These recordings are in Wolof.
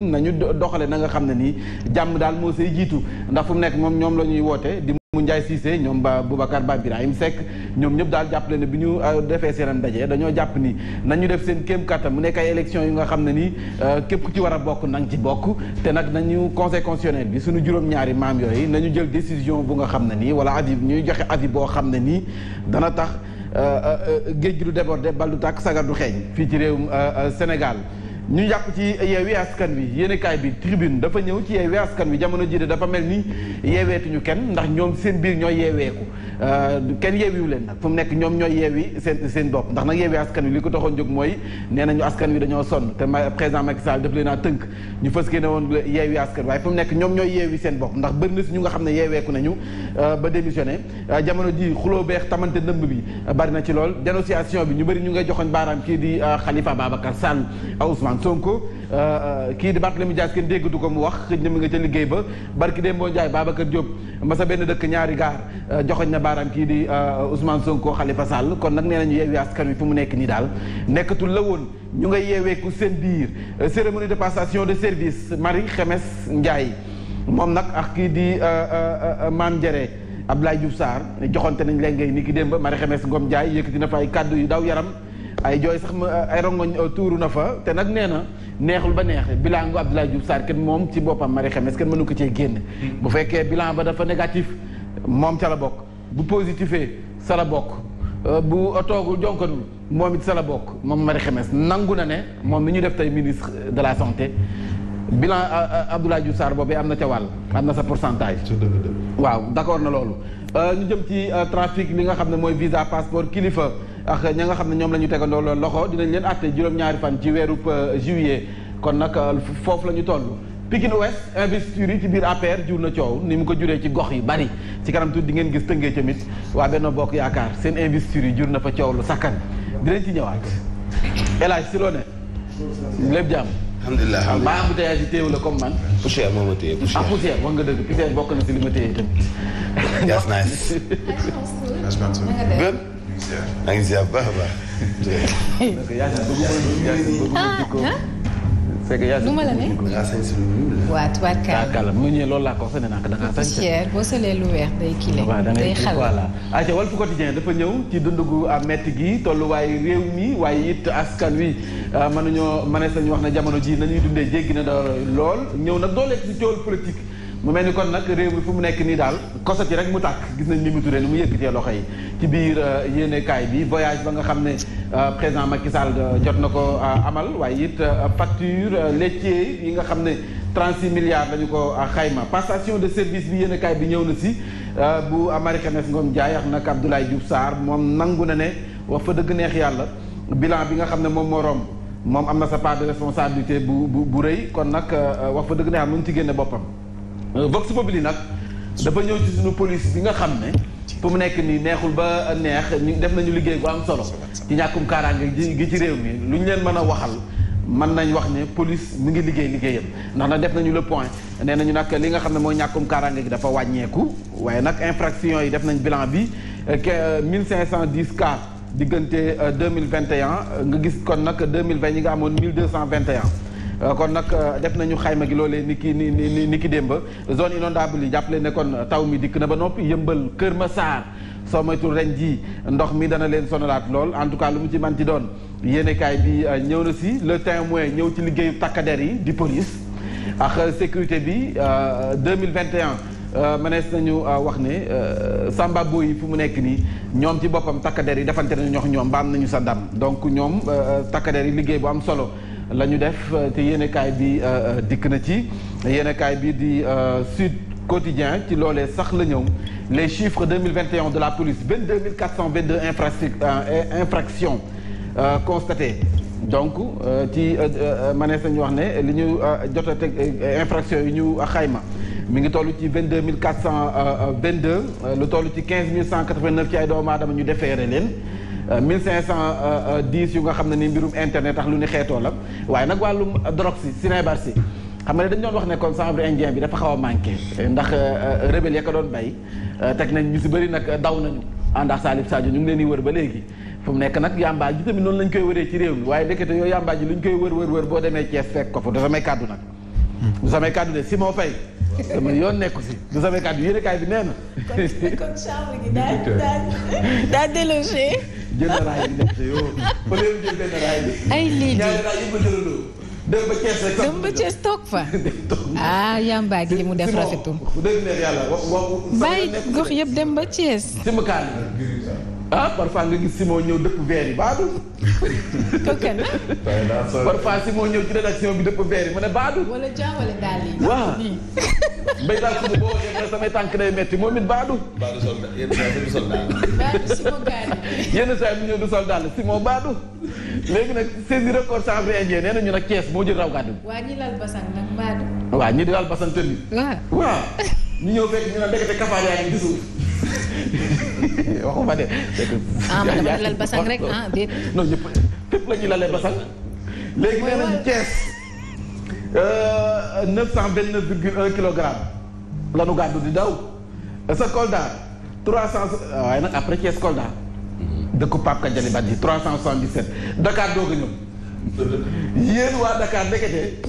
nañu doxale na nga xam ne nii jàmm daal moo say jiitu ndax fu mu nekk moom ñoom la ñuy woote di mu Ndiaye Cissé ñoom ba Boubacar Ba Birahim Seck ñoom ñëpp daal jàppale ne bi ñu euh, defee seen ndaje dañoo jàpp ni nañu def seen kem kattan mu nekk ay élection yu nga xam ne nii euh, képp ku ci war a bokk nañ ci bokk te nag nañu conseil constitutionnel bi suñu juróom-ñaari maam yooyu nañu jël décision bu nga xam ne nii wala avis ñuy joxe avis boo xam ne nii dana tax euh, géej gi du débordé bal du tàkk sagar du xeeñ fii ci réewum Sénégal ñu jàpp ci yeewi askan wi yéenekaay bi tribune dafa ñëw ci yeewi askan wi jamono ji de dafa mel ni mm. yeeweetuñu kenn ndax ñoom seen biir ñoo yeeweeku Euh, kenn yeewiwu leen nag fu mu nekk ñoom ñooy yeewi seen seen bopp ndax nag yeewi askan wi li ko taxoon jóg mooy nee nañu askan wi dañoo sonn te ma président Macky Sall daf leen a tënk ñu fës kee ne woon yeewi askan waaye fu mu nekk ñoom ñooy yeewi seen bopp ndax bëri na si ñu nga xam ne yeeweeku nañu euh, ba démissionné euh, jamono ji xuloo beex tamante ndëmb bi bari na ci lool dénonciation bi ñu bëri ñu ngay joxoon baaraam kii di Khalifa Babacar Sall Ousmane Sonko Euh, euh, kii di Barthélémy Dias kenn déggatu ko mu wax xëj na mi nga ca liggéey ba barki démb boo Ndiaye Babacar Diop ma benn dëkk ñaari gaar euh, joxoñ na baaraam kii di Ousmane Sonko Khalifa Sall kon nag nee nañu yeewi askan wi fu mu nekk nii daal nekkatul la woon ñu nga yeewee yeeweeku seen biir cérémonie de passation de service Marie Xemes Ndiaye moom nag ak kii di Mame Ndiéré Abdoulaye Diouf Sarr joxonte nañ leen ngay ni ki démb Marie Xemes Ngom Ndiaye yëkkati na fa ay kàddu yu daw yaram ay joy sax ay rongoñ euh, tuuru na fa té nak néna na neexul ba neex bilan gu Abdoulaye Diouf Sarr kenn moom ci boppam Marie Khemesse kenn mënu ko ci génn. Hmm. bu féké bilan ba dafa négatif mom ca la bokk bu positifé eh, sa la bokk euh, bu toogul jonkanul moom it sa la bokk moom Marie Khemesse nangu na né mom mi ñu def tay ministre de la santé. bilan euh, Abdoulaye Diouf sar boobu amna ci ca amna sa pourcentage. waaw d'accord accord na loolu. ñu jëm ci trafic li nga xamné moy visa passeport kilifa. ak ña nga xam ne ñoom la ñu tegandoo loxo dinañ leen àtte juróom-ñaari fan ci weerub euh, juillet kon nag euh, foofu la ñu toll Pikine Ouest investiture yi ci biir APR jur na ni mu ko juree ci gox yu bari ci kanam tuuti di ngeen gis tëngee tamit waa Benno Bokk Yaakaar seen investiture yi jur na fa coow lu sakkan dinañ ci ñëwaat El Hadj si loo ne lépp jàmm alhamdulilah mbaa embouteillage yi téew la comme man poussière moo ma téye poussière ah poussière wax nga dëgg poussière bokk na si li ma téye tamit that's nice that's nice maa ngi ziar bu baax a baax. nu ma la ne. waaw tubaarkalla mu ñëwee loolu laa ko wax ne naa ko da ngaa sañ. cher boo solee lu weex day kile. day xal voilà. ayca Walf Quotidien dafa ñëw ci dund gu am metti gi tolluwaay réew mi waaye it askan wi mënuñoo mënees nañu wax ne jamono ji nañuy dundee jéggi na lool ñëw nag dooleeg ci coowal politique. mu mel ni kon nag réew mi fu mu nekk nii daal kosot rek mu tàkk gis nañ Mimi Touré ni mu yëkkatee loxo yi ci biir euh, yéenekaay bi voyage ba nga xam ne euh, président Macky Sall euh, jot na ko amal waaye it facture laitier yi nga xam ne 36 milliards lañu ko xayma passation de service bi yéenekaay bi ñëw na si bu Marie Khemesse Ngom Ndiaye ak nag Abdoulaye Diouf Sarr moom nangu na ne wax fa dëgg neex yàlla bilan bi nga xam ne moom moo moom am na sa part de responsabilité bu bu bu rëy kon nag wax dëgg neex am lu ci génne boppam. Euh, vox populi nag dafa ñëw ci suñu police bi nga xam ne fu mu nekk nii neexul ba neex ñu def nañu liggéey bu am solo ci ñàkkum kaaraange gi ci réew mi lu ñu leen mën a waxal mën nañ wax ne police mu ngi liggéey liggéeyam ndax nag def nañu le point nee nañu nag li nga xam ne mooy ñàkkum kaaraange gi dafa wàññeeku waaye nag infraction yi def nañ bilan bi euh, euh, cinq cent 1510 cas diggante 2021 nga gis kon nag 2020 yi nga amoon 1221 Euh, kon nag euh, def nañu xayma gi loolee ni ki ni ni ni ki démb zone inondable yi jàppale ne kon taw mi dikk na ba noppi yëmbal Kër ma Massar soo moytul ren jii ndox mi dana leen sonalaat lool en tout cas lu mu ci man ci doon yéenekaay bi euh, ñëw na si le témoin ñëw ci liggéeyu takkader yi di police a sécurité bi 2021 mënees nañu wax ne Samba Boy yi fu mu nekk nii ñoom ci boppam takkader yi defante nañu ñox ñoom mbaam nañu sa ndam donc ñoom takkader yi liggéey bu am solo la ñu def euh, te yéenekaay bi euh, euh, dikk na ci yéenekaay Sud Quotidien ci loolee sax la les chiffres 2021 de la police 22 422 infractions constatées donc ci manees nañu wax ne infractions sont ñu xayma Nous avons toll 22 422 nous avons ci 15 189 qui ay doomu aadama ñu defeere 1510 yu nga xam ni mbirum internet tax lu ni xeto la waye nak walum droxy si sinébar xam nga dañ dañu doon wax ne kon chanvre indien bi dafa xawa a manqué ndax rebel ya ko doon bay tek nañ ñu ci bari nak daw nañu àndax Salif Sadio ñu ngi leen di wër ba léegi fu mu nekk nag yàmbaa ji tamit non lañ koy wëré ci réew mi waaye ndekete yooyu yàmbaa ji luñ koy wër wër wër bo démé ci fek ko fu dafa may cadeau nak du samay cadeau de Simon fay sama yoon nekku ci du samay cadeau yéen kay bi néna kon chambre gi da da da délogé jël na raay bi nekk te yow. ba léegi jël benn raay bi. ay lii di ñaari raay yëpp a jëlandoo. dem ba Thiès rek. dem ba Thiès toog fa. ah yamba gi li mu def rafetul. bu dee neex yàlla wax wax. bàyyi gox yëpp dem ba Thiès. simb kaan aa ah, parfois nga gis Simon ñëw dëpp verre yi baadul. kooku nag. parfois Simon ñëw ci bi dëpp verre yi mu ne baadul. wala jaawale daal yi. waaw mbay daal suñu boo waxee ne samay tànk day metti moom it baadul. baadu sol daal sa saa yi du sol daal. baadu Simon gaal yenn saa yi mu ñëw du sol daal Simon baadul. nañu nag kees moo jël raw gàddu. waa ñi lal basan nag waa ñi di lal basan tëdd. waaw waaw ñu ñëw yaa ngi gisul. waxuma de. ah ma dafa lal basang rek ah déet. non ñëpp képp la ñuy lalee basang. léegi nee nañu euh, gàddu di daw. sa Kolda waaye nag après Thiès Kolda. dëkku Pape Kadiali Badji 377 Dakar doog a waa Dakar ndekete.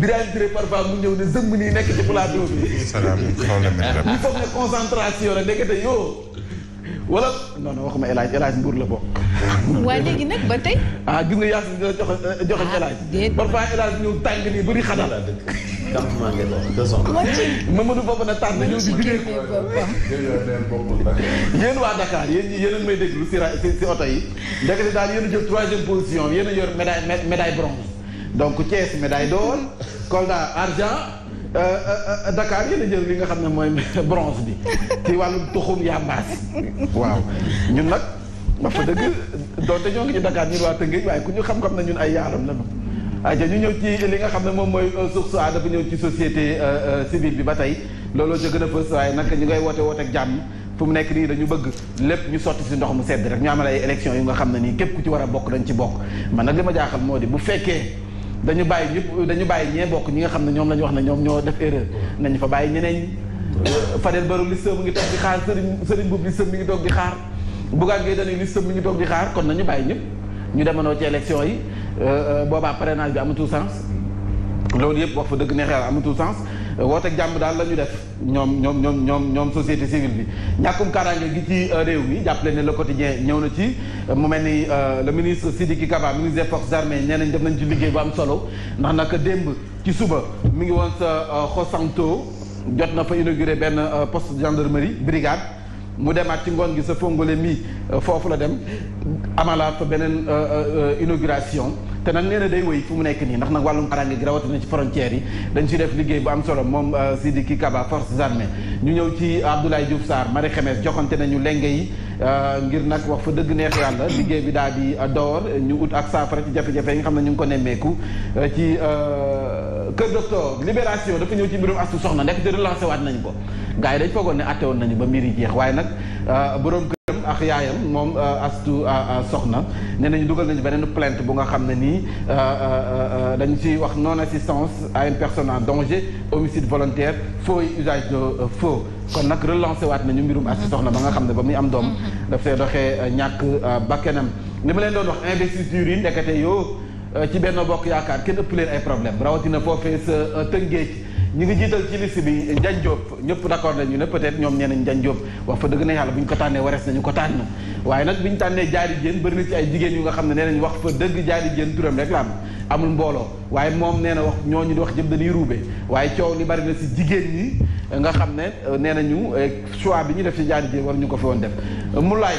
Birahim Touré parfois mu ñëw ne zëmb nii nekk ci plateau bi. salaamaaleykum. ñu foog ne concentration la ndekete yoo. wala non non waxuma El Hadj El Hadj Mbour la bokk. waaye léegi nag ba tey. ah gis nga Yacine dina joxe joxe ah, El Hadj. parfois El Hadj ñëw tàng nii bëri xanaa. campement ngeen doon deux ans. Mamadou Bopp na tànn ñëw di jugee ko. yéen waa Dakar yéen yéen a may déglu si ra si oto yi. ndekete daal yéen a jël troisième position yéen a yor médaille médaille bronze. donc Thiès médaille d'or Kolda argent euh, euh, euh, Dakar yéen a jël li nga xam ne mooy bronze bi ci wàllum tuxum yambaas waaw ñun nag wax fa dëgg doonte ñoo ngi ñu Dakar ñun waa Tëngéej waaye ku ñu xam-xam na ñun ay yaaram la ñu. aja ñu ñëw ci li nga xam ne moom mooy source a dafa ñëw ci société civile bi ba tey looloo ca gën a fës waaye nag ñu ngay woote woote ak jàmm fu mu nekk nii dañu bëgg lépp ñu sotti si ndox mu sedd rek ñu amal ay élection yu nga xam ne nii ku ci war a bokk dañ ci bokk man nag ma jaaxal moo di bu fekkee dañu bàyyi ñëpp dañu bàyyi ñee bokk ñi nga xam ne ñoom lañu ñu wax ne ñoom ñoo def erreur nañu fa bàyyi ñeneen Fadel Barro listam mu ngi toog di xaar Serigne Serigne Boub listam mi ngi toog di xaar Bougane Gueye Dany listam mi ngi toog di xaar kon nañu bàyyi ñëpp ñu demanoo ci élection yi euh, euh, boobaa parrainage bi amatul sens loolu yëpp wax fa dëgg neexee amatul sens Euh, wooteeg jàmm daal la ñu def ñoom ñoom ñoom ñoom ñoom société civile bi ñàkkum kaaraange gi ci euh, réew mi jàppale ne le quotidien ñëw na ci euh, mu mel ni le ministre Sidiki Kaba ministre des forces armées nee nañ def nañ ci liggéey bu am solo ndax naka démb ci suba mi ngi woon sa Xosanto jot na fa inauguré benn poste gendarmerie brigade mu demaat ci ngoon gi sa fongole mi euh, foofu la dem amalaat fa beneen euh, euh, inauguration te nag nee na day woy fu mu nekk nii ndax nag wàllum arange gi na ci frontières yi dañ ci def liggéey bu am solo moom ki Kaba forces armées ñu ñëw ci Abdoulaye Diouf Sarr Marie Khemesse joxante nañu lenge yi ngir nag wax fa dëgg neex yàlla liggéey bi daal di door ñu ut ak saafara ci jafe-jafe yi nga xam ne ñu ngi ko nemmeeku ci que docteur libération dafa ñëw ci mbirum astu soxna nek te relancer waat nañ ko gaay yi dañ foogoon atté won nañu ba mbiri yi jeex waaye nag euh, borom këram ak yaayam mom euh, astu euh, soxna né nañu duggal nañu benen plainte bu nga xam ne nii dañ ci wax non assistance à une personne en danger homicide volontaire faux usage de faux kon nak relancer waat nañu mbirum astu mm-hmm. soxna ba nga xamné ba muy am dom mm-hmm. daf see doxee ñàkk bakkenam ni ma leen doon wax investiture yi ndekete yoo Euh, ci benn Bokk Yaakaar kenn ëpp leen ay problème rawatina foofee sa euh, Tëngéej ñu ngi jiital ci liste bi Ndiagne Diop ñëpp d'accord nañu ne peut-être ñoom nee nañ Ndiagne Diop wax fa dëgg na yàlla bu ñu ko tànnee warees nañu ko taat na waaye nag bi ñu tànnee jaari jéen bëri na ci ay jigéen yu nga xam ne nee nañ dëgg jaari jéen turam rek la amul mbooloo waaye moom nee na wax ñooñu di wax jëm dañuy ruube waaye coow li bari na si jigéen ñi nga xam ne euh, nee nañu choix bi ñu def si jaari jéen war ñu ko fi woon def mu laay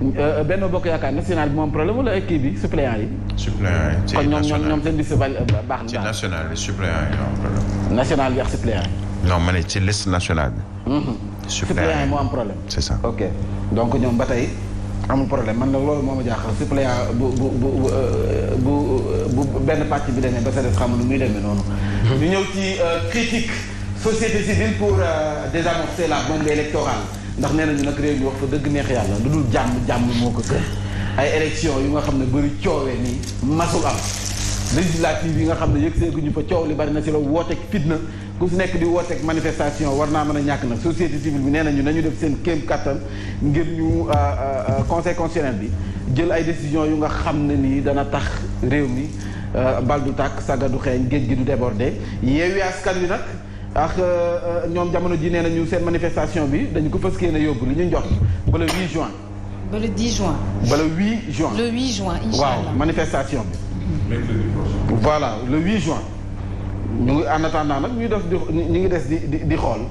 Ben bokk yaakaar national bi moom problème wala kii bi suppléant yi. suppléant yi kon ñoom ñoom euh, baax. ci national bi suppléant yi am problème. national bi ak suppléant non ma ne ci liste nationale bi. Mhm. suppléant yi am problème. c'est ça ok donc ñoom ba tey amul problème man nag loolu moo ma jaaxal suppléant bu bu bu bu euh, bu benn parti bi demee ba sa des xam nu muy demee noonu. Mhm. ñu ñëw ci critique société civile pour désamorcer la bombe électorale. ndax nee nañu nag réew mi wax fa dëgg neex yàlla lu dul jàmm jàmm moo ko gën ay élection yu nga xam ne bëri coowee nii masul am législative yi nga xam ne yëg seeguñu fa coow li bari na ci la wooteeg fitna ku si nekk di wooteeg manifestation war naa mën a ñàkk nag société civile bi nee nañu nañu def seen kéem kattan ngir ñu euh, euh, euh, conseil constitutionnel bi jël ay décision yu nga xam ne nii dana tax réew mi bal du tàkk saga du xeeñ géej gi du déborder yeewi askan wi nag Nous euh, euh, avons jamono ji nee nañu seen manifestation bi dañu ko fas yéene ñu le 8 juin. le 10 juin. ba le 8 juin. le 8 juin incha manifestation bi. voilà le 8 juin. ñu en attendant nous ñuy def di ñu ngi des di di xool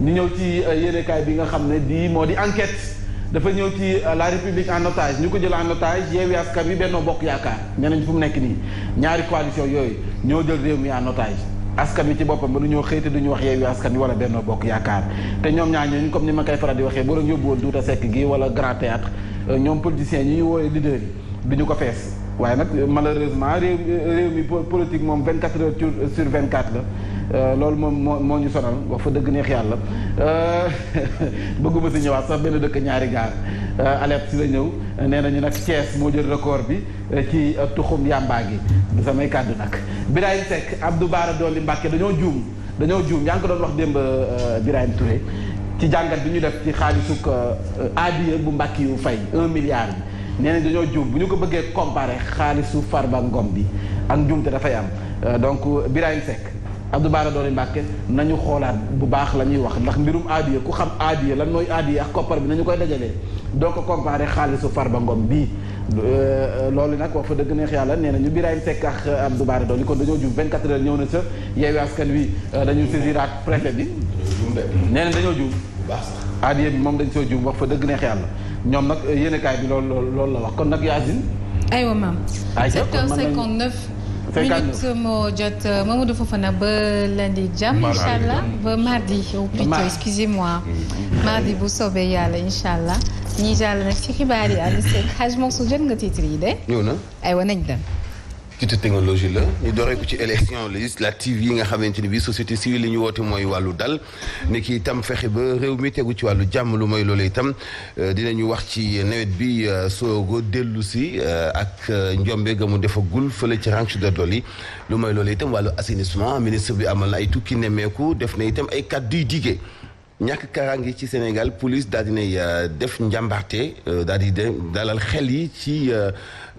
ñu ñëw ci euh, yéenekaay bi nga xam ne di moo enquête dafa ñëw ci la république en otage ñu ko jël en otage Yewwi Askan Wi Benno Bokk Yaakaar nee nañ fu mu Nous nii ñaari coalition yooyu ñoo jël réew mi en otage. askan bi ci boppam ba ñoo xëy te ñu wax yeewu askan wi wala benn bokk yaakaar te ñoom ñaar ñooñu comme ni ma koy faral di waxee boo leen yóbbuwoon Douta Seck gi wala Grand Théâtre euh, ñoom politiciens yi ñuy woowee leader ñu ko fees waaye nag euh, malheureusement réew euh, réew mi politique moom 24 heures sur 24 la. loolu moom moo moo ñu sonal wax fa dëgg neex yàlla bëgguma si ñëwaat sax benn dëkk ñaari gaar alerte si la ñëw nee nañu nag cees moo jël record bi ci tuxum yàmbaa gi du samay kàddu nag Birahim Seck Abdou Baara li Mbàkke dañoo juum dañoo juum yaa ngi ko doon wax démb euh, Birahim Touré ci jàngat bi ñu def ci xaalisuk euh, adiya bu mbàkki yu fay un milliard bi nee nañ dañoo juum bu ñu ko bëggee comparé xaalisu Farba Ngom bi ak njuumte dafay am euh, donc Birahim Seck Abdou Baara Dolli Mbàkke nañu xoolaat bu baax la ñuy wax ndax mbirum adiya ku xam adiya lan mooy adiya ak koppar bi nañu koy dajalee doo ko comparé xaalisu ba Ngom bii Euh, euh, loolu nag wax fa dëgg neex yàlla nee na ñu Birahim Seck ak Abdou Bara Dolly kon dañoo jub 24 heures ñëw na sa yeewi askan wi euh, dañu saisiraat préfet bi nee na dañoo jub adiye bi moom dañ soo jub wax fa dëgg neex yàlla ñoom nag yéenekaay bi loolu loolu la wax kon nag Yacine aywa maam 7h59 minute moo jot euh, Mamadou Fofana ba lundi jàmm incha allah ba mardi ou plutôt excusez-moi mm-hmm. mardi bu soobee yàlla incha allah ñii jàll nag ci xibaar yi ànd seeg nga titre yi de ñëw na aywa nañ ci technologie là ni ko ci élection législative yi nga bi société civile ñu dal ki ba réew tegu ci walu jamm lu moy lolé tam euh, dinañu wax ci bi euh, sogo euh, ak ci de Doli lu assainissement ministre bi ay tukki itam ay ñàkk kaaraange ci Sénégal police daal dinay euh, def njàmbarte euh, daal di dalal xel yi ci euh,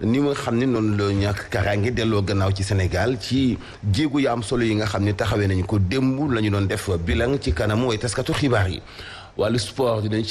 ni nga xam ne noonu la ñàkk kaaraange delloo gannaaw ci Sénégal ci jéego yu am solo yi nga xam ne taxawee nañu ko démb la ñu doon def bilan ci kanamu way taskatu xibaar yi wàllu sport dinañ